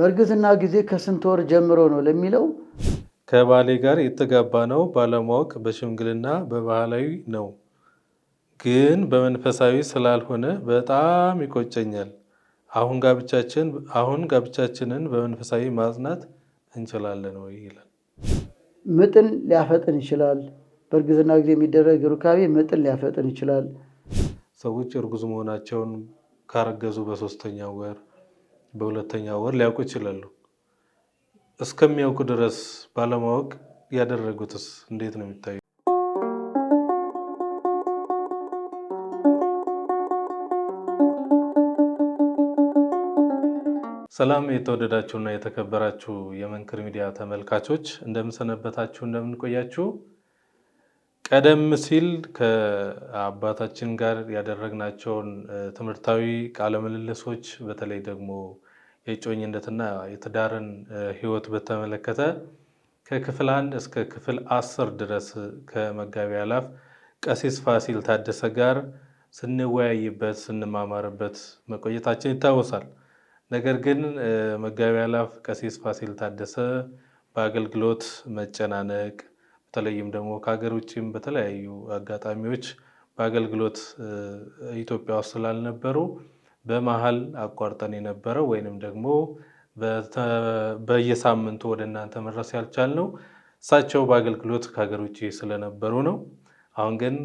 በእርግዝና ጊዜ ከስንት ወር ጀምሮ ነው ለሚለው ከባሌ ጋር የተጋባ ነው ባለማወቅ በሽምግልና በባህላዊ ነው፣ ግን በመንፈሳዊ ስላልሆነ በጣም ይቆጨኛል። አሁን ጋብቻችን አሁን ጋብቻችንን በመንፈሳዊ ማጽናት እንችላለን ወይ ይላል። ምጥን ሊያፈጥን ይችላል። በእርግዝና ጊዜ የሚደረግ ሩካቤ ምጥን ሊያፈጥን ይችላል። ሰዎች እርጉዝ መሆናቸውን ካረገዙ በሶስተኛው ወር በሁለተኛ ወር ሊያውቁ ይችላሉ። እስከሚያውቁ ድረስ ባለማወቅ ያደረጉትስ እንዴት ነው የሚታዩ? ሰላም የተወደዳችሁና የተከበራችሁ የመንክር ሚዲያ ተመልካቾች እንደምንሰነበታችሁ፣ እንደምንቆያችሁ ቀደም ሲል ከአባታችን ጋር ያደረግናቸውን ትምህርታዊ ቃለምልልሶች በተለይ ደግሞ የእጮኝነትና የትዳርን ህይወት በተመለከተ ከክፍል አንድ እስከ ክፍል አስር ድረስ ከመጋቢ አላፍ ቀሲስ ፋሲል ታደሰ ጋር ስንወያይበት ስንማማርበት መቆየታችን ይታወሳል። ነገር ግን መጋቢ አላፍ ቀሲስ ፋሲል ታደሰ በአገልግሎት መጨናነቅ በተለይም ደግሞ ከሀገር ውጭም በተለያዩ አጋጣሚዎች በአገልግሎት ኢትዮጵያ ውስጥ ስላልነበሩ በመሀል አቋርጠን የነበረው ወይንም ደግሞ በየሳምንቱ ወደ እናንተ መድረስ ያልቻል ነው። እሳቸው በአገልግሎት ከሀገር ውጭ ስለነበሩ ነው። አሁን ግን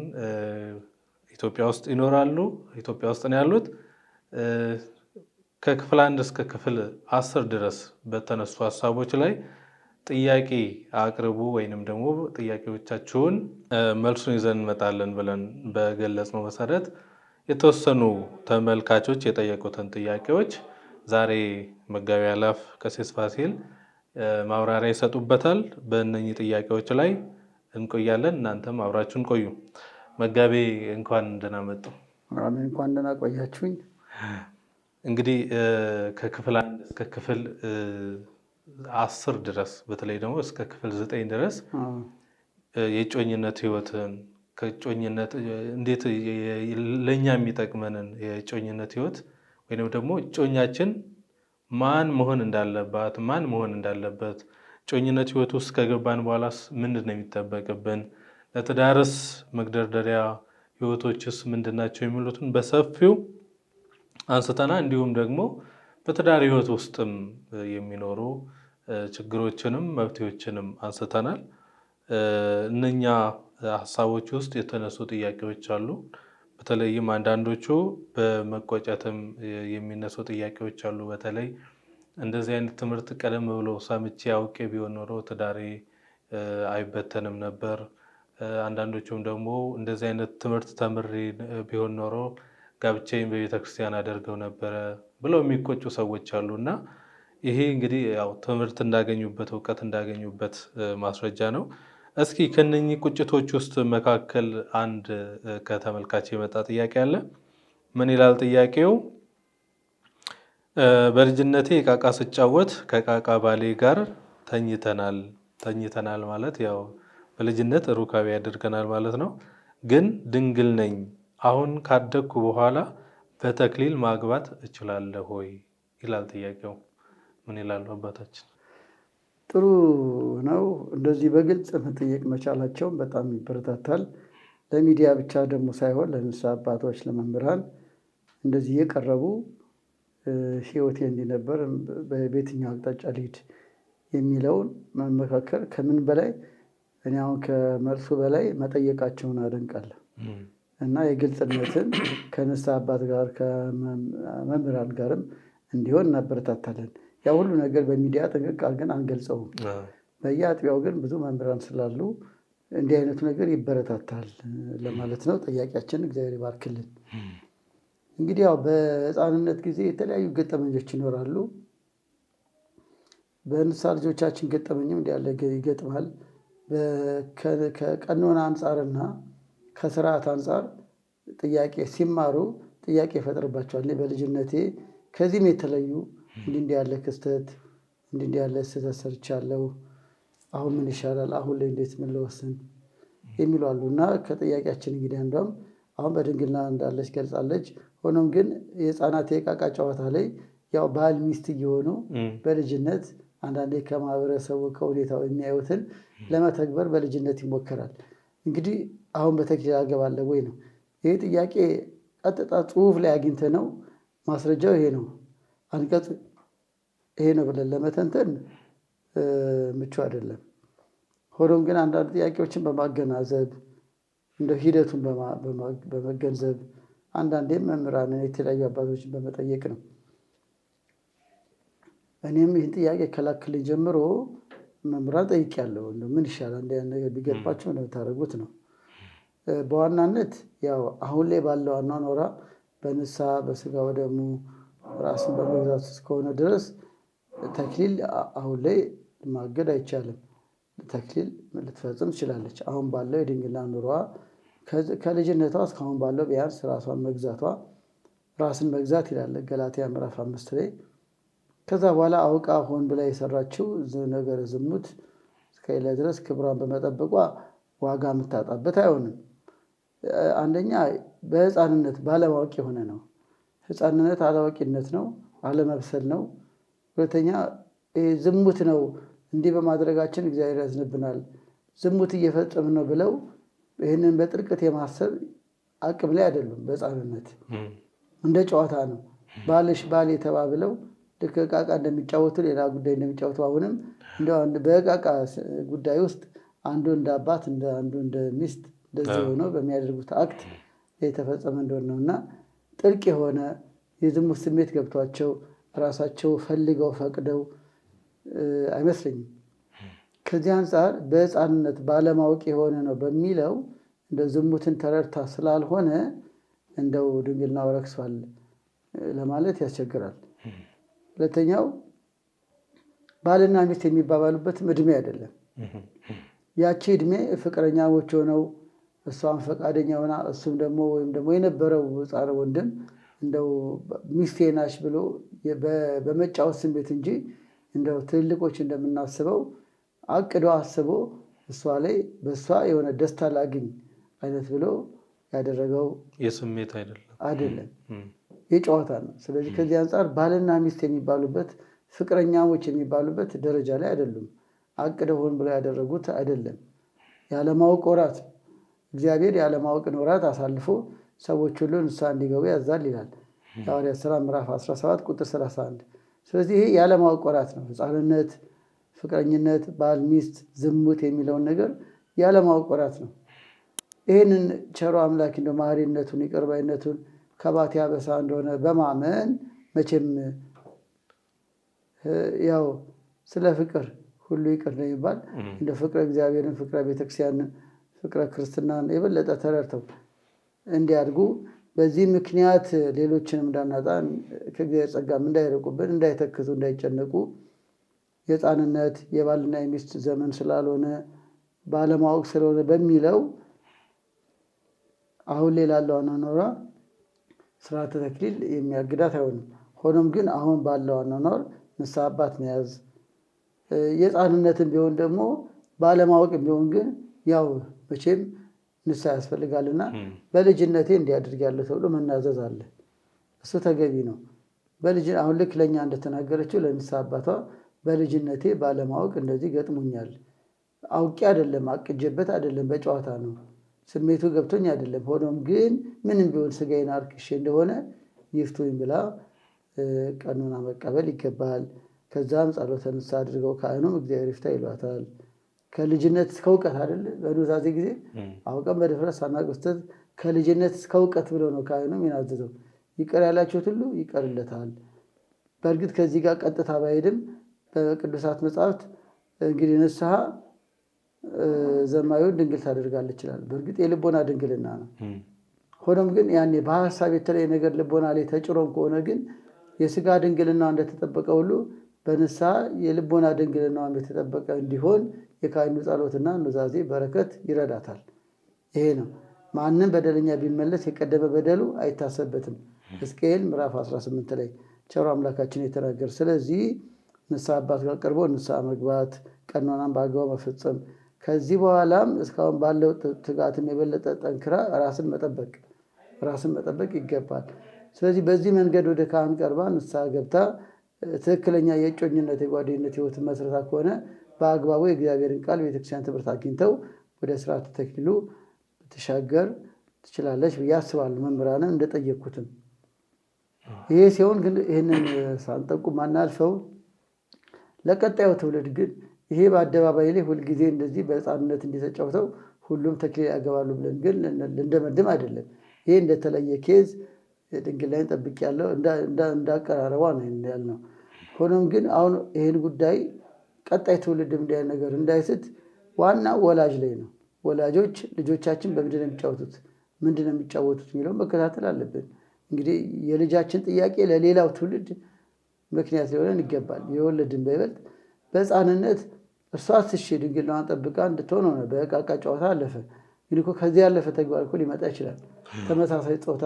ኢትዮጵያ ውስጥ ይኖራሉ። ኢትዮጵያ ውስጥ ነው ያሉት። ከክፍል አንድ እስከ ክፍል አስር ድረስ በተነሱ ሀሳቦች ላይ ጥያቄ አቅርቡ ወይንም ደግሞ ጥያቄዎቻችሁን መልሱን ይዘን እንመጣለን ብለን በገለጽነው መሰረት የተወሰኑ ተመልካቾች የጠየቁትን ጥያቄዎች ዛሬ መጋቢ አላፍ ቀሲስ ፋሲል ማብራሪያ ይሰጡበታል። በእነኚህ ጥያቄዎች ላይ እንቆያለን። እናንተም አብራችሁን ቆዩ። መጋቤ እንኳን ደህና መጡ። አሜን። እንኳን ደህና ቆያችሁኝ። እንግዲህ ከክፍል አንድ እስከ ክፍል አስር ድረስ በተለይ ደግሞ እስከ ክፍል ዘጠኝ ድረስ የጮኝነት ህይወትን ከጮኝነት እንዴት ለእኛ የሚጠቅመንን የጮኝነት ህይወት ወይም ደግሞ ጮኛችን ማን መሆን እንዳለባት ማን መሆን እንዳለበት ጮኝነት ህይወት ውስጥ ከገባን በኋላስ ምንድን ነው የሚጠበቅብን፣ ለትዳርስ መግደርደሪያ ህይወቶችስ ምንድናቸው የሚሉትን በሰፊው አንስተና እንዲሁም ደግሞ በትዳር ህይወት ውስጥም የሚኖሩ ችግሮችንም መፍትሄዎችንም አንስተናል። እነኛ ሀሳቦች ውስጥ የተነሱ ጥያቄዎች አሉ። በተለይም አንዳንዶቹ በመቆጨትም የሚነሱ ጥያቄዎች አሉ። በተለይ እንደዚህ አይነት ትምህርት ቀደም ብሎ ሰምቼ አውቄ ቢሆን ኖሮ ትዳሬ አይበተንም ነበር። አንዳንዶቹም ደግሞ እንደዚህ አይነት ትምህርት ተምሬ ቢሆን ኖሮ ጋብቻዬን በቤተክርስቲያን አደርገው ነበረ ብለው የሚቆጩ ሰዎች አሉ እና ይሄ እንግዲህ ያው ትምህርት እንዳገኙበት እውቀት እንዳገኙበት ማስረጃ ነው። እስኪ ከነኚህ ቁጭቶች ውስጥ መካከል አንድ ከተመልካች የመጣ ጥያቄ አለ። ምን ይላል ጥያቄው? በልጅነቴ ቃቃ ስጫወት ከቃቃ ባሌ ጋር ተኝተናል። ተኝተናል ማለት ያው በልጅነት ሩካቤ ያደርገናል ማለት ነው። ግን ድንግል ነኝ። አሁን ካደግኩ በኋላ በተክሊል ማግባት እችላለሁ ይላል ጥያቄው። ምን ይላሉ አባታችን? ጥሩ ነው። እንደዚህ በግልጽ መጠየቅ መቻላቸውን በጣም ይበረታታል። ለሚዲያ ብቻ ደግሞ ሳይሆን ለንስሐ አባቶች፣ ለመምህራን እንደዚህ የቀረቡ ህይወቴ እንዲነበር በቤትኛው በየትኛው አቅጣጫ ልሂድ የሚለውን መመካከር ከምን በላይ እኔ አሁን ከመልሱ በላይ መጠየቃቸውን አደንቃለሁ እና የግልጽነትን ከንስሐ አባት ጋር ከመምህራን ጋርም እንዲሆን እናበረታታለን። ያ ሁሉ ነገር በሚዲያ ጥንቅቅ አድርገን አንገልጸውም። በየአጥቢያው ግን ብዙ መምህራን ስላሉ እንዲህ አይነቱ ነገር ይበረታታል ለማለት ነው። ጠያቂያችን እግዚአብሔር ይባርክልን። እንግዲህ ያው በህፃንነት ጊዜ የተለያዩ ገጠመኞች ይኖራሉ። በንሳ ልጆቻችን ገጠመኝም እንዲያለ ይገጥማል። ከቀኖና አንጻርና ከስርዓት አንጻር ጥያቄ ሲማሩ ጥያቄ ይፈጥርባቸዋል። በልጅነቴ ከዚህም የተለዩ እንዲህ እንዲህ ያለ ክስተት እንዲህ እንዲህ ያለ ስህተት ሰርቻለሁ፣ አሁን ምን ይሻላል፣ አሁን ላይ እንዴት ምን ለወስን የሚሉ አሉ እና ከጥያቄያችን እንግዲህ አንዷም አሁን በድንግልና እንዳለች ገልጻለች። ሆኖም ግን የህፃናት የቃቃ ጨዋታ ላይ ያው ባል ሚስት እየሆኑ በልጅነት አንዳንዴ ከማህበረሰቡ ከሁኔታው የሚያዩትን ለመተግበር በልጅነት ይሞከራል። እንግዲህ አሁን በተክል ያገባለ ወይ ነው ይህ ጥያቄ ቀጥታ ጽሁፍ ላይ አግኝተ ነው ማስረጃው ይሄ ነው። አንቀጽ ይሄ ነው ብለን ለመተንተን ምቹ አይደለም። ሆኖም ግን አንዳንድ ጥያቄዎችን በማገናዘብ እንደ ሂደቱን በመገንዘብ አንዳንዴ መምህራንን የተለያዩ አባቶችን በመጠየቅ ነው። እኔም ይህን ጥያቄ ከላክልኝ ጀምሮ መምህራን ያለው ምን ይሻላል እንደ ነገር ቢገባቸው ነው ነው። በዋናነት ያው አሁን ላይ ባለው አኗኗራ በንሳ በስጋ ወደሙ ራስን በመግዛት እስከሆነ ድረስ ተክሊል አሁን ላይ ማገድ አይቻልም። ተክሊል ልትፈጽም ትችላለች። አሁን ባለው የድንግልና ኑሯ ከልጅነቷ እስካሁን ባለው ቢያንስ ራሷን መግዛቷ ራስን መግዛት ይላል ገላትያ ምዕራፍ አምስት ላይ። ከዛ በኋላ አውቃ ሆን ብላ የሰራችው ነገር ዝሙት እስከሌለ ድረስ ክብሯን በመጠበቋ ዋጋ የምታጣበት አይሆንም። አንደኛ በህፃንነት ባለማወቅ የሆነ ነው። ህፃንነት አላዋቂነት ነው፣ አለመብሰል ነው። ሁለተኛ ዝሙት ነው። እንዲህ በማድረጋችን እግዚአብሔር ያዝንብናል፣ ዝሙት እየፈጸም ነው ብለው ይህንን በጥልቀት የማሰብ አቅም ላይ አይደሉም። በህፃንነት እንደ ጨዋታ ነው። ባልሽ ባል የተባብለው ልክ እቃቃ እንደሚጫወቱ ሌላ ጉዳይ እንደሚጫወቱ አሁንም በእቃቃ ጉዳይ ውስጥ አንዱ እንደ አባት አንዱ እንደ ሚስት እንደዚህ ሆነው በሚያደርጉት አክት የተፈጸመ እንደሆነ ነው እና ጥልቅ የሆነ የዝሙት ስሜት ገብቷቸው ራሳቸው ፈልገው ፈቅደው አይመስለኝም። ከዚህ አንጻር በህፃንነት ባለማወቅ የሆነ ነው በሚለው እንደ ዝሙትን ተረድታ ስላልሆነ እንደው ድንግልናው ረክሷል ለማለት ያስቸግራል። ሁለተኛው ባልና ሚስት የሚባባሉበትም እድሜ አይደለም። ያቺ እድሜ ፍቅረኛሞች ሆነው እሷም ፈቃደኛ ሆና እሱም ደግሞ ወይም ደግሞ የነበረው ጻረ ወንድም እንደው ሚስቴ ናሽ ብሎ በመጫወት ስሜት እንጂ እንደው ትልልቆች እንደምናስበው አቅዶ አስቦ እሷ ላይ በእሷ የሆነ ደስታ ላግኝ አይነት ብሎ ያደረገው የስሜት አይደለም አይደለም የጨዋታ ነው። ስለዚህ ከዚህ አንጻር ባልና ሚስት የሚባሉበት ፍቅረኛሞች የሚባሉበት ደረጃ ላይ አይደሉም። አቅደሆን ሆን ብለው ያደረጉት አይደለም። ያለማወቅ ወራት እግዚአብሔር ያለማወቅ ወራት አሳልፎ ሰዎች ሁሉ ንስሐ እንዲገቡ ያዛል ይላል የሐዋርያት ሥራ ምዕራፍ 17 ቁጥር 31። ስለዚህ ይሄ ያለማወቅ ወራት ነው። ህፃንነት ፍቅረኝነት፣ ባል፣ ሚስት፣ ዝሙት የሚለውን ነገር ያለማወቅ ወራት ነው። ይህንን ቸሮ አምላክ እንደ ማህሪነቱን ይቅርባይነቱን ከባት ያበሳ እንደሆነ በማመን መቼም ያው ስለ ፍቅር ሁሉ ይቅር ነው ይባል እንደ ፍቅረ እግዚአብሔርን ፍቅረ ቤተክርስቲያንን ፍቅረ ክርስትናን የበለጠ ተረድተው እንዲያድጉ በዚህ ምክንያት ሌሎችንም እንዳናጣ ከእግዚአብሔር ጸጋም እንዳይርቁብን፣ እንዳይተክቱ፣ እንዳይጨነቁ የህፃንነት የባልና የሚስት ዘመን ስላልሆነ ባለማወቅ ስለሆነ በሚለው አሁን ሌላ ለው አኗኗሯ ስርዓተ ተክሊል የሚያግዳት አይሆንም። ሆኖም ግን አሁን ባለው አኗኗር ንስሐ አባት መያዝ የህፃንነትን ቢሆን ደግሞ ባለማወቅ ቢሆን ግን ያው መቼም ንሳ ያስፈልጋልና በልጅነቴ እንዲያደርጋለሁ ተብሎ መናዘዝ አለ። እሱ ተገቢ ነው። በልጅ አሁን ልክ ለእኛ እንደተናገረችው ለንሳ አባቷ በልጅነቴ ባለማወቅ እንደዚህ ገጥሞኛል። አውቄ አይደለም አቅጀበት አይደለም በጨዋታ ነው ስሜቱ ገብቶኝ አይደለም። ሆኖም ግን ምንም ቢሆን ስጋዬን አርክሼ እንደሆነ ይፍቱኝ ብላ ቀኖና መቀበል ይገባል። ከዛም ጸሎተ አድርገው ካህኑም እግዚአብሔር ይፍታ ይሏታል። ከልጅነት እስከ እውቀት አይደል? በኑዛዜ ጊዜ አውቀን በድፍረት ሳናውቅ ከልጅነት እስከ እውቀት ብሎ ነው ካህኑ የሚናዘዘው። ይቀር ያላችሁት ሁሉ ይቀርለታል። በእርግጥ ከዚህ ጋር ቀጥታ ባይሄድም በቅዱሳት መጽሐፍት እንግዲህ ንስሐ ዘማዩን ድንግል ታደርጋለች ይችላል። በእርግጥ የልቦና ድንግልና ነው። ሆኖም ግን ያኔ በሀሳብ የተለየ ነገር ልቦና ላይ ተጭሮም ከሆነ ግን የስጋ ድንግልና እንደተጠበቀ ሁሉ በንስሐ የልቦና ድንግልናዋም የተጠበቀ እንዲሆን የካህኑ ጸሎትና ኑዛዜ በረከት ይረዳታል። ይሄ ነው። ማንም በደለኛ ቢመለስ የቀደመ በደሉ አይታሰበትም። ሕዝቅኤል ምዕራፍ 18 ላይ ቸሩ አምላካችን የተናገር። ስለዚህ ንስሐ አባት ጋር ቀርቦ ንስሐ መግባት፣ ቀኖናን በአግባቡ መፈጸም፣ ከዚህ በኋላም እስካሁን ባለው ትጋትም የበለጠ ጠንክራ ራስን መጠበቅ ራስን መጠበቅ ይገባል። ስለዚህ በዚህ መንገድ ወደ ካህን ቀርባ ንስሐ ገብታ ትክክለኛ የእጮኝነት የጓደኝነት ህይወት መስረታ ከሆነ በአግባቡ የእግዚአብሔርን ቃል ቤተክርስቲያን ትምህርት አግኝተው ወደ ስርዓተ ተክሊሉ ትሻገር ትችላለች ብዬ አስባለሁ። መምህራንን እንደጠየኩትም። ይሄ ሲሆን ግን ይህንን ሳንጠቁ ማናልፈው ለቀጣዩ ትውልድ ግን ይሄ በአደባባይ ላይ ሁልጊዜ እንደዚህ በህፃንነት እንዲተጫውተው ሁሉም ተክሊል ያገባሉ ብለን ግን ልንደመድም አይደለም። ይሄ እንደተለየ ኬዝ የድንግል ላይ ጠብቅ ያለው እንዳቀራረቧ ነው ያልነው። ሆኖም ግን አሁን ይህን ጉዳይ ቀጣይ ትውልድ እንዲያ ነገር እንዳይስት ዋና ወላጅ ላይ ነው። ወላጆች ልጆቻችን በምንድን ነው የሚጫወቱት፣ ምንድን ነው የሚጫወቱት የሚለው መከታተል አለብን። እንግዲህ የልጃችን ጥያቄ ለሌላው ትውልድ ምክንያት ሊሆነን ይገባል። የወለድን በይበልጥ በህፃንነት እርሷ ትሽ ድንግልናዋን ጠብቃ እንድትሆን ሆነ በቃቃ ጨዋታ አለፈ። እንግዲህ ከዚህ ያለፈ ተግባር እኮ ሊመጣ ይችላል። ተመሳሳይ ፆታ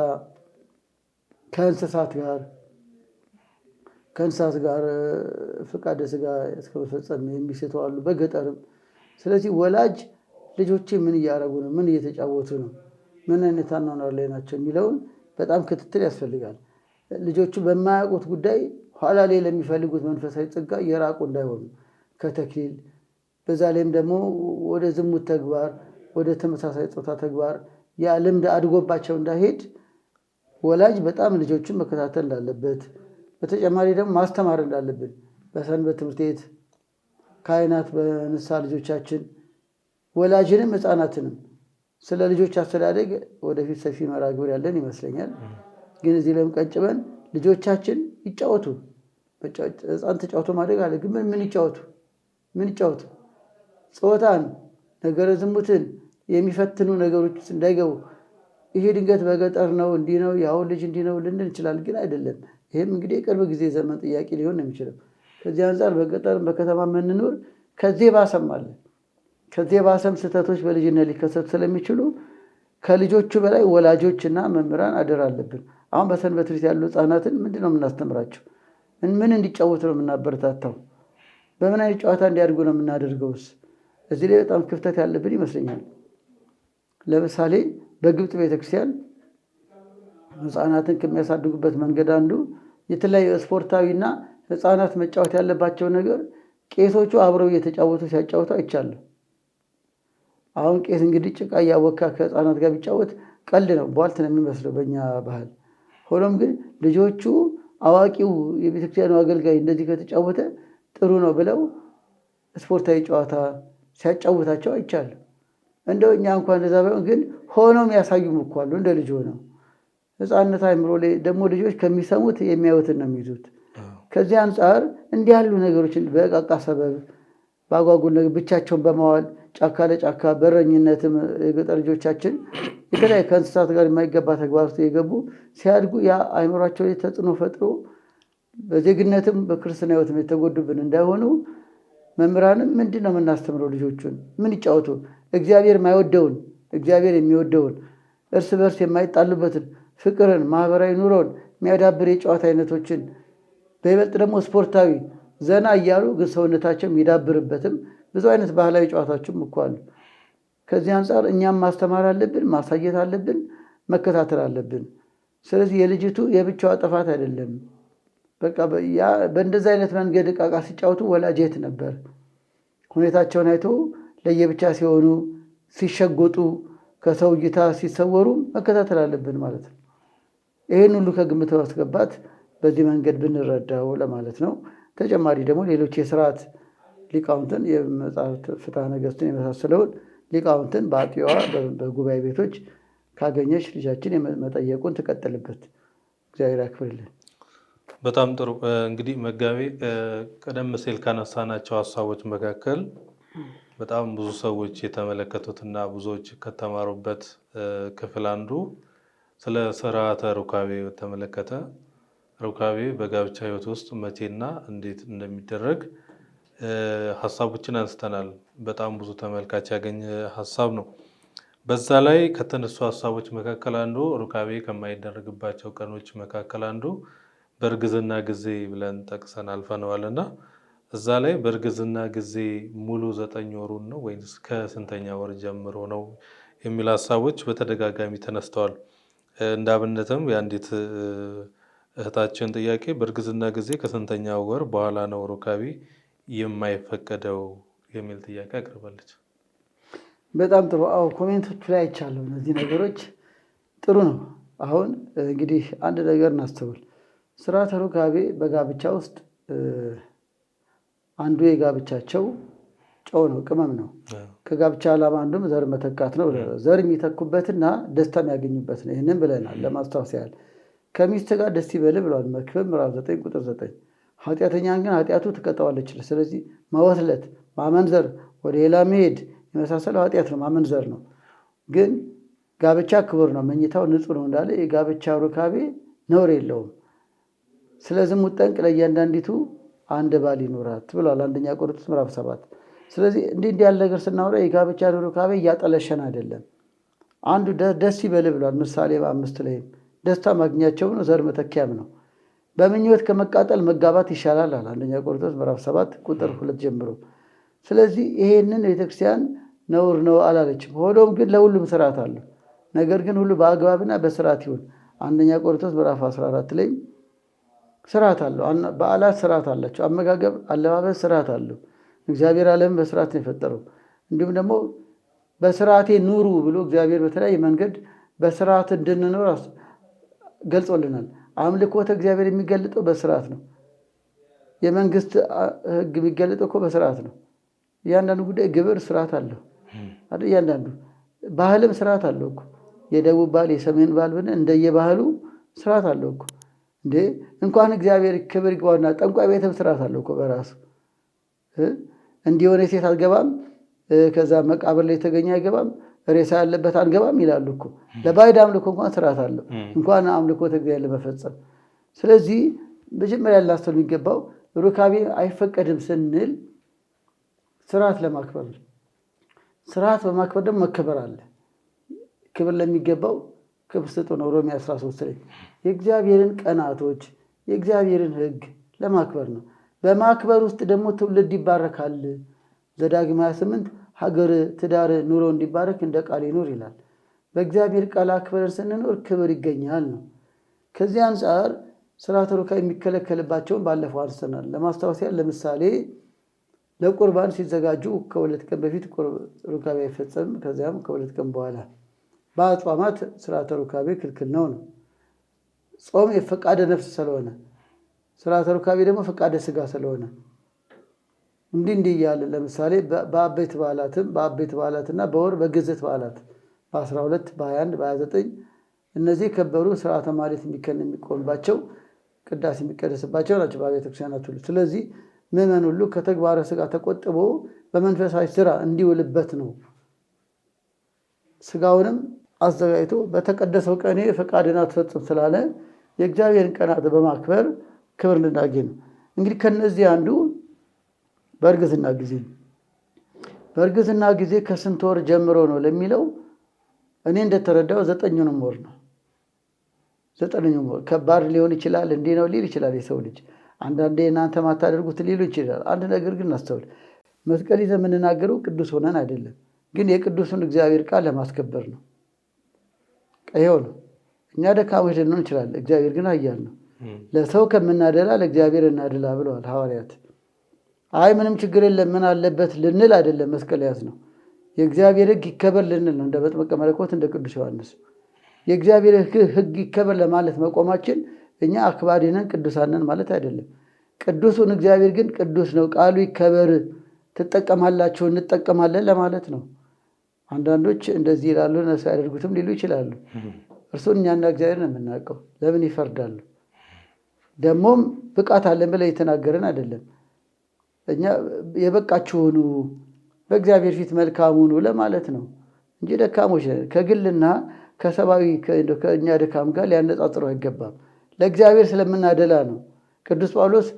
ከእንስሳት ጋር ከእንስሳት ጋር ፍቃደ ስጋ እስከመፈጸም የሚስተው አሉ፣ በገጠርም። ስለዚህ ወላጅ ልጆቼ ምን እያደረጉ ነው፣ ምን እየተጫወቱ ነው፣ ምን አይነት አኗኗር ላይ ናቸው የሚለውን በጣም ክትትል ያስፈልጋል። ልጆቹ በማያውቁት ጉዳይ ኋላ ላይ ለሚፈልጉት መንፈሳዊ ጸጋ የራቁ እንዳይሆኑ ከተክሊል በዛ ላይም ደግሞ ወደ ዝሙት ተግባር፣ ወደ ተመሳሳይ ፆታ ተግባር ያ ልምድ አድጎባቸው እንዳይሄድ ወላጅ በጣም ልጆችን መከታተል እንዳለበት፣ በተጨማሪ ደግሞ ማስተማር እንዳለብን በሰንበት ትምህርት ቤት ካህናት በንሳ ልጆቻችን ወላጅንም ህፃናትንም ስለ ልጆች አስተዳደግ ወደፊት ሰፊ መርሃ ግብር ያለን ይመስለኛል። ግን እዚህ ለም ቀንጭበን ልጆቻችን ይጫወቱ። ህፃን ተጫወቶ ማደግ አለ። ግን ምን ይጫወቱ? ምን ይጫወቱ? ጾታን፣ ነገረ ዝሙትን የሚፈትኑ ነገሮች እንዳይገቡ ይሄ ድንገት በገጠር ነው እንዲህ ነው የአሁን ልጅ እንዲህ ነው ልንል እንችላለን፣ ግን አይደለም። ይህም እንግዲህ የቅርብ ጊዜ ዘመን ጥያቄ ሊሆን ነው የሚችለው። ከዚህ አንጻር በገጠርም በከተማ የምንኖር ከዚህ ባሰም አለ። ከዚህ ባሰም ስህተቶች በልጅነት ሊከሰቱ ስለሚችሉ ከልጆቹ በላይ ወላጆችና መምህራን አደር አለብን። አሁን በሰንበት ያሉ ህፃናትን ምንድን ነው የምናስተምራቸው? ምን እንዲጫወት ነው የምናበረታታው? በምን አይነት ጨዋታ እንዲያድጉ ነው የምናደርገውስ? እዚህ ላይ በጣም ክፍተት ያለብን ይመስለኛል። ለምሳሌ በግብፅ ቤተክርስቲያን ህፃናትን ከሚያሳድጉበት መንገድ አንዱ የተለያዩ ስፖርታዊና ህፃናት መጫወት ያለባቸው ነገር ቄሶቹ አብረው እየተጫወቱ ሲያጫወቱ አይቻለሁ። አሁን ቄስ እንግዲህ ጭቃ እያቦካ ከህፃናት ጋር ቢጫወት ቀልድ ነው፣ ቧልት ነው የሚመስለው በእኛ ባህል። ሆኖም ግን ልጆቹ አዋቂው የቤተክርስቲያኑ አገልጋይ እንደዚህ ከተጫወተ ጥሩ ነው ብለው ስፖርታዊ ጨዋታ ሲያጫውታቸው አይቻለሁ። እንደው እኛ እንኳን እንደዛ ባይሆን ግን ሆኖም ያሳዩም እኮ አሉ። እንደ ልጅ ሆነው ሕፃንነት አይምሮ ላይ ደግሞ ልጆች ከሚሰሙት የሚያዩትን ነው የሚይዙት። ከዚህ አንጻር እንዲህ ያሉ ነገሮችን በቃቃ ሰበብ በአጓጉል ነገር ብቻቸውን በማዋል ጫካ ለጫካ በረኝነትም የገጠር ልጆቻችን የተለያዩ ከእንስሳት ጋር የማይገባ ተግባር ውስጥ የገቡ ሲያድጉ ያ አይምሯቸው ላይ ተጽዕኖ ፈጥሮ በዜግነትም በክርስትና ህይወትም የተጎዱብን እንዳይሆኑ መምህራንም ምንድን ነው የምናስተምረው ልጆቹን ምን ይጫወቱ እግዚአብሔር የማይወደውን እግዚአብሔር የሚወደውን እርስ በርስ የማይጣሉበትን ፍቅርን፣ ማህበራዊ ኑሮን የሚያዳብር የጨዋታ አይነቶችን በይበልጥ ደግሞ ስፖርታዊ ዘና እያሉ ግን ሰውነታቸው የሚዳብርበትም ብዙ አይነት ባህላዊ ጨዋታዎችም እኮ አሉ። ከዚህ አንጻር እኛም ማስተማር አለብን፣ ማሳየት አለብን፣ መከታተል አለብን። ስለዚህ የልጅቱ የብቻዋ ጥፋት አይደለም። በቃ በእንደዚህ አይነት መንገድ እቃቃ ሲጫወቱ ወላጅ የት ነበር? ሁኔታቸውን አይቶ ለየብቻ ሲሆኑ፣ ሲሸጎጡ፣ ከሰው እይታ ሲሰወሩ መከታተል አለብን ማለት ነው። ይህን ሁሉ ከግምት በማስገባት በዚህ መንገድ ብንረዳው ለማለት ነው። ተጨማሪ ደግሞ ሌሎች የስርዓት ሊቃውንትን የመጽሐፍ ፍትሐ ነገሥትን የመሳሰለውን ሊቃውንትን በአጥቢዋ በጉባኤ ቤቶች ካገኘች ልጃችን መጠየቁን ትቀጥልበት። እግዚአብሔር ያክብርልን። በጣም ጥሩ እንግዲህ መጋቤ ቀደም ሲል ካነሳናቸው ሀሳቦች መካከል በጣም ብዙ ሰዎች የተመለከቱትና ብዙዎች ከተማሩበት ክፍል አንዱ ስለ ስርዓተ ሩካቤ በተመለከተ ሩካቤ በጋብቻ ህይወት ውስጥ መቼና እንዴት እንደሚደረግ ሀሳቦችን አንስተናል። በጣም ብዙ ተመልካች ያገኘ ሀሳብ ነው። በዛ ላይ ከተነሱ ሀሳቦች መካከል አንዱ ሩካቤ ከማይደረግባቸው ቀኖች መካከል አንዱ በእርግዝና ጊዜ ብለን ጠቅሰን አልፈነዋል እና እዛ ላይ በእርግዝና ጊዜ ሙሉ ዘጠኝ ወሩን ነው ወይስ ከስንተኛ ወር ጀምሮ ነው የሚል ሀሳቦች በተደጋጋሚ ተነስተዋል። እንደ አብነትም የአንዲት እህታችን ጥያቄ በእርግዝና ጊዜ ከስንተኛ ወር በኋላ ነው ሩካቤ የማይፈቀደው የሚል ጥያቄ አቅርባለች። በጣም ጥሩ። አዎ ኮሜንቶቹ ላይ አይቻለሁ። እነዚህ ነገሮች ጥሩ ነው። አሁን እንግዲህ አንድ ነገር እናስተውል። ስርዓተ ሩካቤ በጋብቻ ውስጥ አንዱ የጋብቻቸው ጨው ነው፣ ቅመም ነው። ከጋብቻ ዓላማ አንዱም ዘር መተካት ነው ዘር የሚተኩበትና ደስታ የሚያገኙበት ነው። ይህንን ብለናል ለማስታወስ ያህል። ከሚስት ጋር ደስ ይበል ብሏል መክብብ ምዕራፍ ዘጠኝ ቁጥር ዘጠኝ ኃጢአተኛን ግን ኃጢአቱ ትቀጠዋለች። ስለዚህ ማወትለት፣ ማመንዘር፣ ወደ ሌላ መሄድ የመሳሰለው ኃጢአት ነው፣ ማመንዘር ነው። ግን ጋብቻ ክቡር ነው፣ መኝታው ንጹህ ነው እንዳለ የጋብቻ ሩካቤ ነውር የለውም። ስለዚህ ሙጠንቅ ለእያንዳንዲቱ አንድ ባል ይኖራት ብሏል አንደኛ ቆሮንቶስ ምዕራፍ ሰባት ስለዚህ እንዲህ እንዲህ ያለ ነገር ስናወራ የጋብቻ ካቤ እያጠለሸን አይደለም አንዱ ደስ ይበል ብሏል ምሳሌ በአምስት ላይም ደስታ ማግኛቸው ነው ዘር መተኪያም ነው በምኞት ከመቃጠል መጋባት ይሻላል አለ አንደኛ ቆሮንቶስ ምዕራፍ ሰባት ቁጥር ሁለት ጀምሮ ስለዚህ ይሄንን ቤተክርስቲያን ነውር ነው አላለችም ሆኖም ግን ለሁሉም ስርዓት አለ ነገር ግን ሁሉ በአግባብና በስርዓት ይሁን አንደኛ ቆሮንቶስ ምዕራፍ 14 ላይ ስርዓት አለው። በዓላት ስርዓት አላቸው። አመጋገብ፣ አለባበስ ስርዓት አለው። እግዚአብሔር ዓለም በስርዓት ነው የፈጠረው። እንዲሁም ደግሞ በስርዓቴ ኑሩ ብሎ እግዚአብሔር በተለያየ መንገድ በስርዓት እንድንኖር ገልጾልናል። አምልኮተ እግዚአብሔር የሚገለጠው በስርዓት ነው። የመንግስት ህግ የሚገለጠው እኮ በስርዓት ነው። እያንዳንዱ ጉዳይ ግብር ስርዓት አለው። እያንዳንዱ ባህልም ስርዓት አለው እኮ የደቡብ ባህል የሰሜን ባህል ብን እንደየባህሉ ስርዓት አለው እኮ እንዴ እንኳን እግዚአብሔር ክብር ይግባውና ጠንቋይ ቤተም ስርዓት አለው እኮ በራሱ የሆነ ሴት አትገባም፣ ከዛ መቃብር ላይ የተገኘ አይገባም፣ ሬሳ ያለበት አንገባም ይላሉ እኮ። ለባዕድ አምልኮ እንኳን ስርዓት አለው፣ እንኳን አምልኮ እግዚአብሔር ለመፈጸም። ስለዚህ መጀመሪያ ላስተው የሚገባው ሩካቤ አይፈቀድም ስንል ስርዓት ለማክበር ስርዓት በማክበር ደግሞ መከበር አለ። ክብር ለሚገባው ክብር ስጡ ነው ሮሜ 13 ላይ የእግዚአብሔርን ቀናቶች የእግዚአብሔርን ህግ ለማክበር ነው። በማክበር ውስጥ ደግሞ ትውልድ ይባረካል። ዘዳግም 28 ሀገር፣ ትዳር፣ ኑሮ እንዲባረክ እንደ ቃል ይኖር ይላል። በእግዚአብሔር ቃል አክብረን ስንኖር ክብር ይገኛል ነው። ከዚህ አንጻር ስራ ተሩካ የሚከለከልባቸውን ባለፈው አንስተናል። ለማስታወሲያ ለምሳሌ ለቁርባን ሲዘጋጁ ከሁለት ቀን በፊት ሩካቤ አይፈጸም፣ ከዚያም ከሁለት ቀን በኋላ በአጽዋማት ስርዓተ ሩካቤ ክልክል ነው ነው። ጾም የፈቃደ ነፍስ ስለሆነ ስርዓተ ሩካቤ ደግሞ ፈቃደ ስጋ ስለሆነ እንዲህ እንዲህ እያለ ለምሳሌ በአበይት በዓላትም በአበይት በዓላትና በወር በግዝት በዓላት በ12 በ21 በ29 እነዚህ የከበሩ ስርዓተ ማሌት እንዲከን የሚቆምባቸው ቅዳሴ የሚቀደስባቸው ናቸው በቤተ ክርስቲያናት ሁሉ። ስለዚህ ምዕመን ሁሉ ከተግባረ ስጋ ተቆጥቦ በመንፈሳዊ ስራ እንዲውልበት ነው ስጋውንም አዘጋጅቶ በተቀደሰው ቀኔ ፈቃድን አትፈጽም ስላለ የእግዚአብሔርን ቀናት በማክበር ክብር እንድናገኝ እንግዲህ ከነዚህ አንዱ በእርግዝና ጊዜ በእርግዝና ጊዜ ከስንት ወር ጀምሮ ነው ለሚለው እኔ እንደተረዳው ዘጠኙንም ወር ነው። ዘጠነኛው ወር ከባድ ሊሆን ይችላል። እንዲህ ነው ሊል ይችላል የሰው ልጅ አንዳንዴ እናንተ ማታደርጉት ሊሉ ይችላል። አንድ ነገር ግን እናስተውል። መስቀል የምንናገረው ቅዱስ ሆነን አይደለም፣ ግን የቅዱሱን እግዚአብሔር ቃል ለማስከበር ነው። ቀየው ነው። እኛ ደካሞች ልንሆን እንችላለን፣ እግዚአብሔር ግን አያል ነው። ለሰው ከምናደላ ለእግዚአብሔር እናድላ ብለዋል ሐዋርያት። አይ ምንም ችግር የለም ምን አለበት ልንል አይደለም መስቀል ያዝ ነው። የእግዚአብሔር ሕግ ይከበር ልንል ነው። እንደ መጥምቀ መለኮት እንደ ቅዱስ ዮሐንስ የእግዚአብሔር ሕግ ይከበር ለማለት መቆማችን እኛ አክባሪነን ቅዱሳነን ማለት አይደለም። ቅዱሱን እግዚአብሔር ግን ቅዱስ ነው፣ ቃሉ ይከበር፣ ትጠቀማላችሁ፣ እንጠቀማለን ለማለት ነው። አንዳንዶች እንደዚህ ይላሉ፣ እነሱ ያደርጉትም ሊሉ ይችላሉ። እርሱን እኛና እግዚአብሔር ነው የምናውቀው። ለምን ይፈርዳሉ? ደግሞም ብቃት አለን ብለን የተናገረን አይደለም። እኛ የበቃችሁኑ በእግዚአብሔር ፊት መልካሙኑ ለማለት ነው እንጂ ደካሞች ከግልና ከሰብአዊ ከእኛ ድካም ጋር ሊያነጻጽሩ አይገባም። ለእግዚአብሔር ስለምናደላ ነው። ቅዱስ ጳውሎስ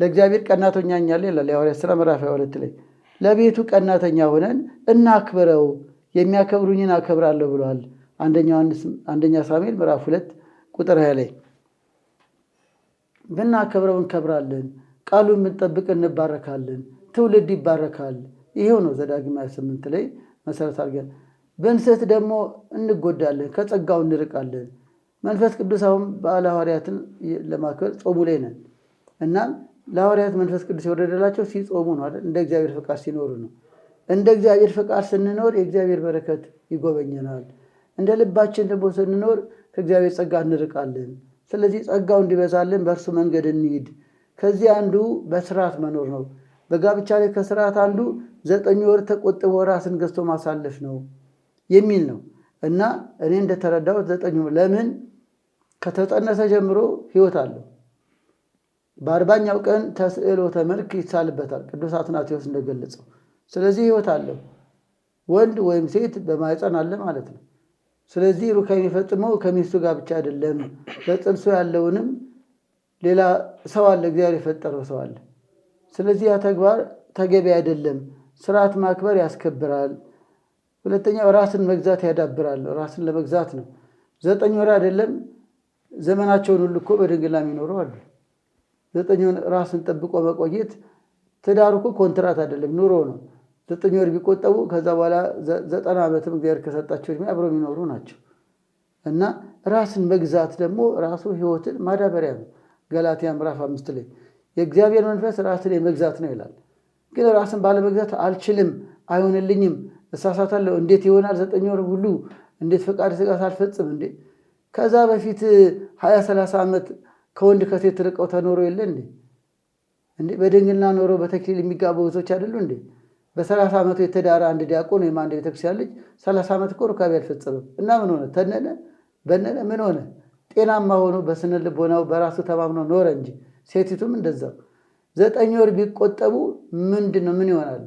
ለእግዚአብሔር ቀናቶኛኛለ ይላል የሐዋርያት ስራ ምዕራፍ ሁለት ላይ ለቤቱ ቀናተኛ ሆነን እናክብረው፣ የሚያከብሩኝን አከብራለሁ ብለዋል። አንደኛ ሳሙኤል ምዕራፍ ሁለት ቁጥር ሃያ ላይ ብናከብረው እንከብራለን፣ ቃሉን የምንጠብቅ እንባረካለን፣ ትውልድ ይባረካል። ይሄው ነው ዘዳግም ስምንት ላይ መሰረት አድርገን ብንስት ደግሞ እንጎዳለን፣ ከጸጋው እንርቃለን። መንፈስ ቅዱስ አሁን በዓለ ሐዋርያትን ለማክበር ጾሙ ላይ ነን እና ለሐዋርያት መንፈስ ቅዱስ የወረደላቸው ሲጾሙ ነው አይደል? እንደ እግዚአብሔር ፈቃድ ሲኖሩ ነው። እንደ እግዚአብሔር ፈቃድ ስንኖር የእግዚአብሔር በረከት ይጎበኘናል። እንደ ልባችን ደግሞ ስንኖር ከእግዚአብሔር ጸጋ እንርቃለን። ስለዚህ ጸጋው እንዲበዛልን በእርሱ መንገድ እንሂድ። ከዚህ አንዱ በስርዓት መኖር ነው። በጋብቻ ላይ ከስርዓት አንዱ ዘጠኝ ወር ተቆጥቦ ራስን ገዝቶ ማሳለፍ ነው የሚል ነው እና እኔ እንደተረዳሁት ዘጠኝ ለምን ከተጸነሰ ጀምሮ ህይወት አለው በአርባኛው ቀን ተስዕሎ መልክ ይሳልበታል፣ ቅዱስ አትናቴዎስ እንደገለጸው። ስለዚህ ህይወት አለው ወንድ ወይም ሴት በማይፀን አለ ማለት ነው። ስለዚህ ሩካ የሚፈጽመው ከሚስቱ ጋር ብቻ አይደለም፣ በፅንሱ ያለውንም ሌላ ሰው አለ፣ እግዚአብሔር የፈጠረው ሰው አለ። ስለዚህ ያ ተግባር ተገቢ አይደለም። ስርዓት ማክበር ያስከብራል። ሁለተኛው ራስን መግዛት ያዳብራል። ራስን ለመግዛት ነው። ዘጠኝ ወር አይደለም ዘመናቸውን ሁሉ እኮ በድንግላ የሚኖሩ አሉ። ዘጠኝ ወር ራስን ጠብቆ መቆየት ትዳር እኮ ኮንትራት አይደለም፣ ኑሮ ነው። ዘጠኝ ወር ቢቆጠቡ ከዛ በኋላ ዘጠና ዓመትም እግዚአብሔር ከሰጣቸው እድሜ አብረው የሚኖሩ ናቸው እና ራስን መግዛት ደግሞ ራሱ ህይወትን ማዳበሪያ ነው። ገላትያ ምዕራፍ አምስት ላይ የእግዚአብሔር መንፈስ ራስን የመግዛት ነው ይላል። ግን ራስን ባለመግዛት አልችልም፣ አይሆንልኝም፣ እሳሳታለሁ፣ እንዴት ይሆናል? ዘጠኝ ወር ሁሉ እንዴት ፈቃድ ስጋት አልፈጽም እንዴ? ከዛ በፊት ሀያ ሰላሳ ዓመት ከወንድ ከሴት ርቀው ተኖሮ የለ እንዴ? እንዴ በድንግልና ኖሮ በተክሊል የሚጋቡ ብዙዎች አይደሉ እንዴ? በሰላሳ ዓመቱ የተዳረ አንድ ዲያቆን ወይም አንድ ቤተክርስቲያን ልጅ ሰላሳ ዓመት እኮ ሩካቤ አልፈጸመም። እና ምን ሆነ? ተነነ፣ በነነ፣ ምን ሆነ? ጤናማ ሆኖ በስነ ልቦናው በራሱ ተማምኖ ኖረ እንጂ ሴቲቱም እንደዛው ዘጠኝ ወር ቢቆጠቡ ምንድን ነው? ምን ይሆናሉ?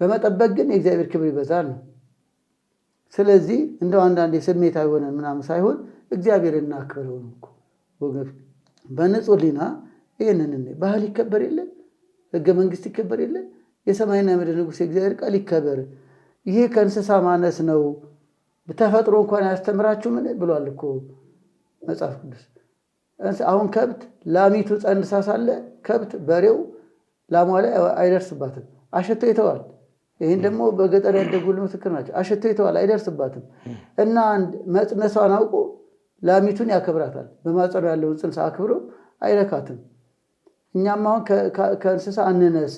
በመጠበቅ ግን የእግዚአብሔር ክብር ይበዛል ነው። ስለዚህ እንደው አንዳንዴ ስሜታዊ ሆነን ምናምን ሳይሆን እግዚአብሔር እናክብረው ነው በንጹህ ሊና ይህንን ባህል ይከበር የለ ህገ መንግስት ይከበር የለ የሰማይና ምድር ንጉሥ የእግዚአብሔር ቃል ይከበር። ይህ ከእንስሳ ማነስ ነው። ተፈጥሮ እንኳን ያስተምራችሁ ምን ብሏል እኮ መጽሐፍ ቅዱስ። አሁን ከብት ላሚቱ ጸንሳ ሳለ ከብት በሬው ላሟ ላይ አይደርስባትም፣ አሸቶ ይተዋል። ይህን ደግሞ በገጠር ያደጉ ምስክር ናቸው። አሸቶ ይተዋል፣ አይደርስባትም እና መጽነሷን አውቆ ላሚቱን ያከብራታል። በማጸሩ ያለውን ጽንስ አክብሮ አይረካትም። እኛም አሁን ከእንስሳ አንነስ።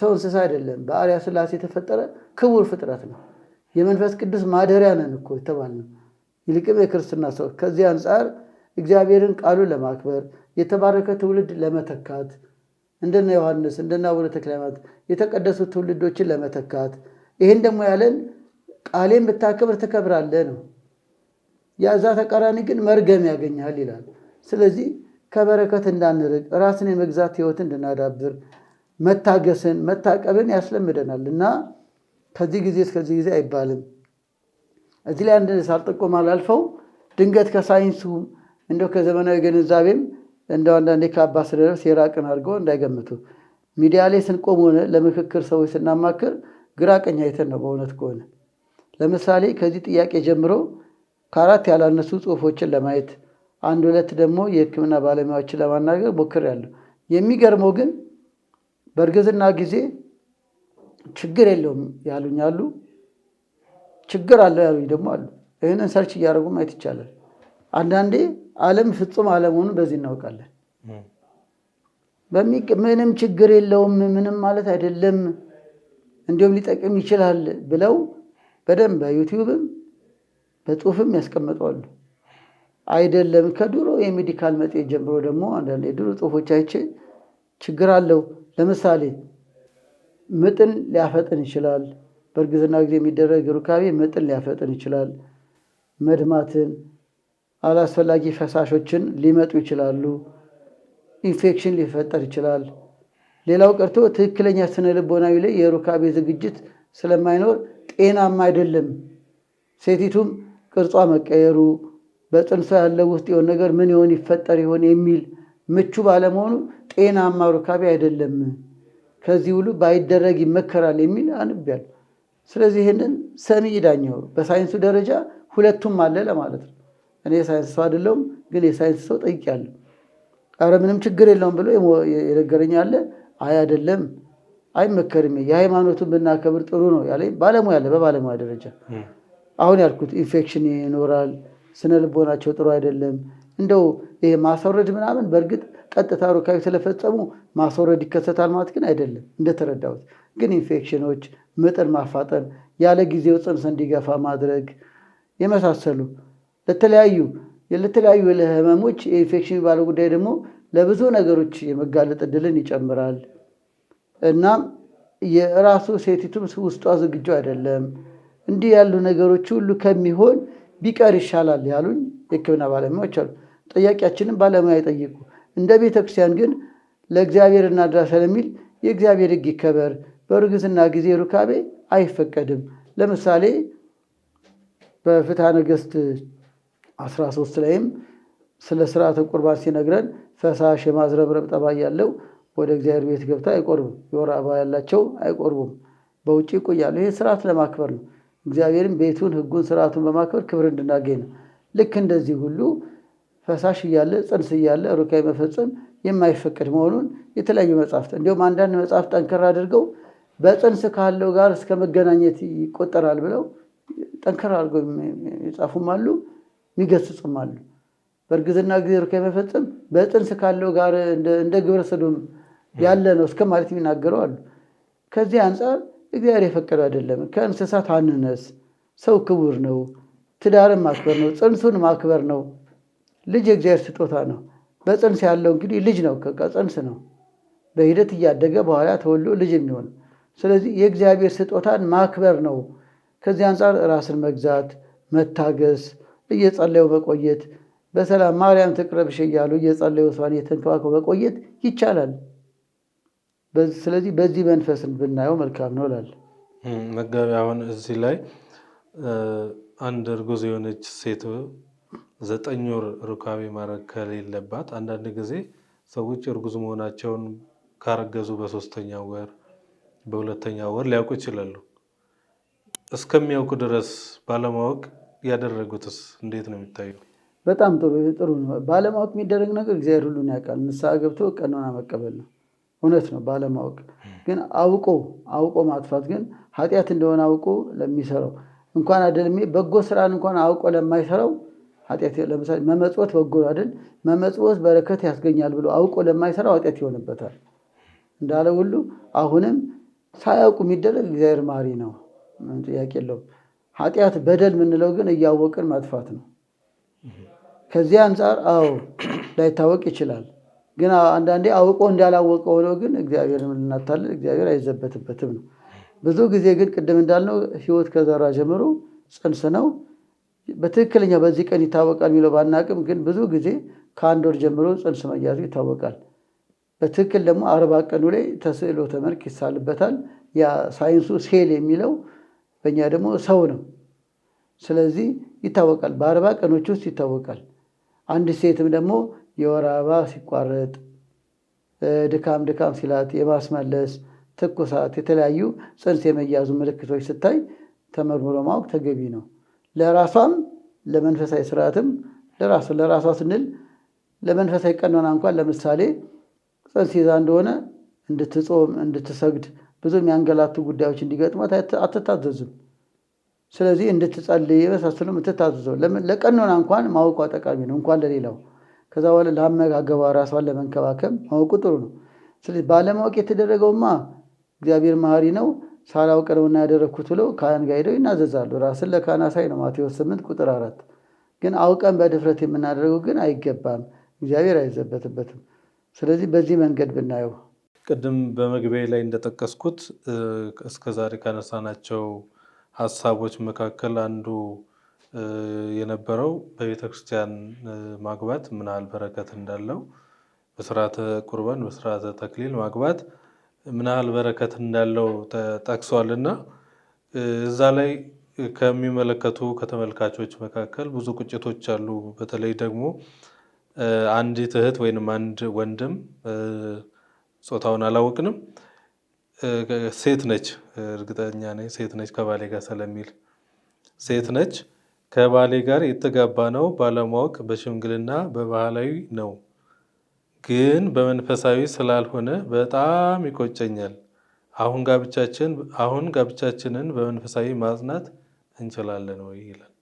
ሰው እንስሳ አይደለም፣ በአርያ ስላሴ የተፈጠረ ክቡር ፍጥረት ነው። የመንፈስ ቅዱስ ማደሪያ ነን እኮ ነው ይልቅም የክርስትና ሰው ከዚህ አንጻር እግዚአብሔርን ቃሉን ለማክበር የተባረከ ትውልድ ለመተካት እንደነ ዮሐንስ እንደነ አቡነ ተክለማት የተቀደሱ ትውልዶችን ለመተካት ይህን ደግሞ ያለን ቃሌን ብታከብር ትከብራለ ነው። ያዛ ተቃራኒ ግን መርገም ያገኛል ይላል። ስለዚህ ከበረከት እንዳንርቅ ራስን የመግዛት ህይወት እንድናዳብር መታገስን፣ መታቀብን ያስለምደናል እና ከዚህ ጊዜ እስከዚህ ጊዜ አይባልም። እዚህ ላይ አንድ ሳልጠቆም አላልፈው። ድንገት ከሳይንሱም እንደው ከዘመናዊ ግንዛቤም እንደ አንዳንዴ ከአባ ስደርስ የራቅን አድርገው እንዳይገምቱ። ሚዲያ ላይ ስንቆም ሆነ ለምክክር ሰዎች ስናማክር ግራ ቀኝ አይተን ነው። በእውነት ከሆነ ለምሳሌ ከዚህ ጥያቄ ጀምሮ ከአራት ያላነሱ ጽሁፎችን ለማየት አንድ ሁለት ደግሞ የህክምና ባለሙያዎችን ለማናገር ሞክሬያለሁ። የሚገርመው ግን በእርግዝና ጊዜ ችግር የለውም ያሉኝ አሉ፣ ችግር አለው ያሉኝ ደግሞ አሉ። ይህንን ሰርች እያደረጉ ማየት ይቻላል። አንዳንዴ ዓለም ፍጹም አለመሆኑን በዚህ እናውቃለን። ምንም ችግር የለውም ምንም ማለት አይደለም፣ እንዲሁም ሊጠቅም ይችላል ብለው በደንብ በዩቲዩብም በጽሁፍም ያስቀምጠዋሉ። አይደለም ከድሮ የሜዲካል መጤ ጀምሮ ደግሞ አንዳንድ የድሮ ጽሁፎች አይቼ ችግር አለው። ለምሳሌ ምጥን ሊያፈጥን ይችላል። በእርግዝና ጊዜ የሚደረግ ሩካቤ ምጥን ሊያፈጥን ይችላል። መድማትን፣ አላስፈላጊ ፈሳሾችን ሊመጡ ይችላሉ። ኢንፌክሽን ሊፈጠር ይችላል። ሌላው ቀርቶ ትክክለኛ ስነ ልቦናዊ ላይ የሩካቤ ዝግጅት ስለማይኖር ጤናማ አይደለም። ሴቲቱም ቅርጿ መቀየሩ በጥንሷ ያለ ውስጥ የሆነ ነገር ምን ይሆን ይፈጠር ይሆን የሚል ምቹ ባለመሆኑ ጤናማ ሩካቤ አይደለም፣ ከዚህ ሁሉ ባይደረግ ይመከራል የሚል አንብቤያለሁ። ስለዚህ ይህንን ሰሚ ይዳኘው በሳይንሱ ደረጃ ሁለቱም አለ ለማለት ነው። እኔ የሳይንስ ሰው አይደለሁም፣ ግን የሳይንስ ሰው ጠይቄያለሁ። አረ ምንም ችግር የለውም ብሎ የነገረኝ አለ። አይ አይደለም አይመከርም፣ የሃይማኖቱን ብናከብር ጥሩ ነው ያለ ባለሙያ አለ በባለሙያ ደረጃ አሁን ያልኩት ኢንፌክሽን ይኖራል፣ ስነ ልቦናቸው ጥሩ አይደለም። እንደው ይሄ ማስወረድ ምናምን በእርግጥ ቀጥታ ሩካቤ ስለፈጸሙ ማስወረድ ይከሰታል ማለት ግን አይደለም እንደተረዳሁት። ግን ኢንፌክሽኖች፣ ምጥን ማፋጠን፣ ያለ ጊዜው ጽንስ እንዲገፋ ማድረግ የመሳሰሉ ለተለያዩ ለተለያዩ ህመሞች የኢንፌክሽን የሚባለው ጉዳይ ደግሞ ለብዙ ነገሮች የመጋለጥ እድልን ይጨምራል እና የራሱ ሴቲቱም ውስጧ ዝግጁ አይደለም። እንዲህ ያሉ ነገሮች ሁሉ ከሚሆን ቢቀር ይሻላል ያሉኝ የሕክምና ባለሙያዎች አሉ። ጥያቄያችንም ባለሙያ ይጠይቁ። እንደ ቤተክርስቲያን ግን ለእግዚአብሔር እናድራ ስለሚል የእግዚአብሔር ሕግ ይከበር። በእርግዝና ጊዜ ሩካቤ አይፈቀድም። ለምሳሌ በፍትሐ ነገሥት 13 ላይም ስለ ስርዓተ ቁርባን ሲነግረን ፈሳሽ የማዝረብረብ ጠባይ ያለው ወደ እግዚአብሔር ቤት ገብታ አይቆርብም። የወር አበባ ያላቸው አይቆርቡም። በውጭ ይቆያሉ። ይህ ስርዓት ለማክበር ነው። እግዚአብሔርን ቤቱን፣ ህጉን፣ ስርዓቱን በማክበር ክብር እንድናገኝ ነው። ልክ እንደዚህ ሁሉ ፈሳሽ እያለ ጽንስ እያለ ሩካ መፈፀም የማይፈቀድ መሆኑን የተለያዩ መጽሐፍት እንዲሁም አንዳንድ መጽሐፍ ጠንክር አድርገው በጽንስ ካለው ጋር እስከ መገናኘት ይቆጠራል ብለው ጠንክር አድርገው የጻፉም አሉ፣ የሚገስጹም አሉ። በእርግዝና ጊዜ ሩካ መፈፀም በጽንስ ካለው ጋር እንደ ግብረ ያለ ነው እስከ ማለት የሚናገረው አሉ። ከዚህ አንጻር እግዚአብሔር የፈቀደው አይደለም። ከእንስሳት አንነስ። ሰው ክቡር ነው። ትዳርን ማክበር ነው። ጽንሱን ማክበር ነው። ልጅ የእግዚአብሔር ስጦታ ነው። በጽንስ ያለው እንግዲህ ልጅ ነው። ፅንስ ነው። በሂደት እያደገ በኋላ ተወልዶ ልጅ የሚሆን ስለዚህ የእግዚአብሔር ስጦታን ማክበር ነው። ከዚህ አንጻር ራስን መግዛት፣ መታገስ፣ እየጸለዩ መቆየት፣ በሰላም ማርያም ትቅረብሽ እያሉ እየጸለዩ እሷን እየተንከባከቡ መቆየት ይቻላል። ስለዚህ በዚህ መንፈስ ብናየው መልካም ነው ላል መጋቢ አሁን እዚህ ላይ አንድ እርጉዝ የሆነች ሴት ዘጠኝ ወር ሩካቤ ማድረግ ከሌለባት፣ አንዳንድ ጊዜ ሰዎች እርጉዝ መሆናቸውን ካረገዙ በሶስተኛ ወር በሁለተኛ ወር ሊያውቁ ይችላሉ። እስከሚያውቁ ድረስ ባለማወቅ ያደረጉትስ እንዴት ነው የሚታየው? በጣም ጥሩ ነው። ባለማወቅ የሚደረግ ነገር እግዚአብሔር ሁሉን ያውቃል። ንስሐ ገብቶ ቀኖና መቀበል ነው። እውነት ነው ባለማወቅ። ግን አውቆ አውቆ ማጥፋት ግን ኃጢአት እንደሆነ አውቆ ለሚሰራው እንኳን አይደለም በጎ ስራን እንኳን አውቆ ለማይሰራው ለምሳሌ መመጽወት በጎ አይደል? መመጽወት በረከት ያስገኛል ብሎ አውቆ ለማይሰራው ኃጢአት ይሆንበታል። እንዳለ ሁሉ አሁንም ሳያውቁ የሚደረግ እግዚአብሔር ማሪ ነው፣ ጥያቄ የለውም። ኃጢአት በደል የምንለው ግን እያወቅን ማጥፋት ነው። ከዚህ አንጻር አዎ ላይታወቅ ይችላል። ግን አንዳንዴ አውቆ እንዳላወቀ ሆኖ ግን እግዚአብሔርን ልናታልል እግዚአብሔር አይዘበትበትም ነው። ብዙ ጊዜ ግን ቅድም እንዳልነው ህይወት ከዘራ ጀምሮ ጽንስ ነው። በትክክለኛ በዚህ ቀን ይታወቃል የሚለው ባናቅም ግን ብዙ ጊዜ ከአንድ ወር ጀምሮ ጽንስ መያዙ ይታወቃል። በትክክል ደግሞ አርባ ቀኑ ላይ ተስዕሎ መልክ ይሳልበታል። ያ ሳይንሱ ሴል የሚለው በእኛ ደግሞ ሰው ነው። ስለዚህ ይታወቃል፣ በአርባ ቀኖች ውስጥ ይታወቃል። አንድ ሴትም ደግሞ የወር አበባ ሲቋረጥ፣ ድካም ድካም ሲላት፣ የማስመለስ ትኩሳት፣ የተለያዩ ጽንስ የመያዙ ምልክቶች ስታይ ተመርምሮ ማወቅ ተገቢ ነው። ለራሷም ለመንፈሳዊ ስርዓትም ለራሷ ለራሷ ስንል ለመንፈሳዊ ቀኖና እንኳን ለምሳሌ ጽንስ ይዛ እንደሆነ እንድትጾም እንድትሰግድ ብዙ የሚያንገላቱ ጉዳዮች እንዲገጥሟት አትታዘዝም። ስለዚህ እንድትጸልይ የመሳሰሉ የምትታዘዘው ለቀኖና እንኳን ማወቋ ጠቃሚ ነው እንኳን ለሌላው ከዛ በኋላ ለአመጋገቧ ራሷን ለመንከባከብ ማወቁ ጥሩ ነው። ስለዚህ ባለማወቅ የተደረገውማ እግዚአብሔር መሐሪ ነው ሳላውቅ ነውና ያደረግኩት ብለው ካህን ጋር ሄደው ይናዘዛሉ። ራስን ለካህን አሳይ ነው ማቴዎስ 8 ቁጥር አራት ግን አውቀን በድፍረት የምናደርገው ግን አይገባም፣ እግዚአብሔር አይዘበትበትም። ስለዚህ በዚህ መንገድ ብናየው ቅድም በመግቢያ ላይ እንደጠቀስኩት እስከዛሬ ካነሳናቸው ሀሳቦች መካከል አንዱ የነበረው በቤተ ክርስቲያን ማግባት ምን ያህል በረከት እንዳለው፣ በስርዓተ ቁርባን በስርዓተ ተክሊል ማግባት ምን ያህል በረከት እንዳለው ጠቅሷልና እዛ ላይ ከሚመለከቱ ከተመልካቾች መካከል ብዙ ቁጭቶች አሉ። በተለይ ደግሞ አንዲት እህት ወይንም አንድ ወንድም ጾታውን አላወቅንም፣ ሴት ነች፣ እርግጠኛ ነኝ ሴት ነች፣ ከባሌ ጋር ስለሚል ሴት ነች ከባሌ ጋር የተጋባ ነው ባለማወቅ በሽምግልና በባህላዊ ነው፣ ግን በመንፈሳዊ ስላልሆነ በጣም ይቆጨኛል። አሁን ጋብቻችን አሁን ጋብቻችንን በመንፈሳዊ ማጽናት እንችላለን ወይ ይላል።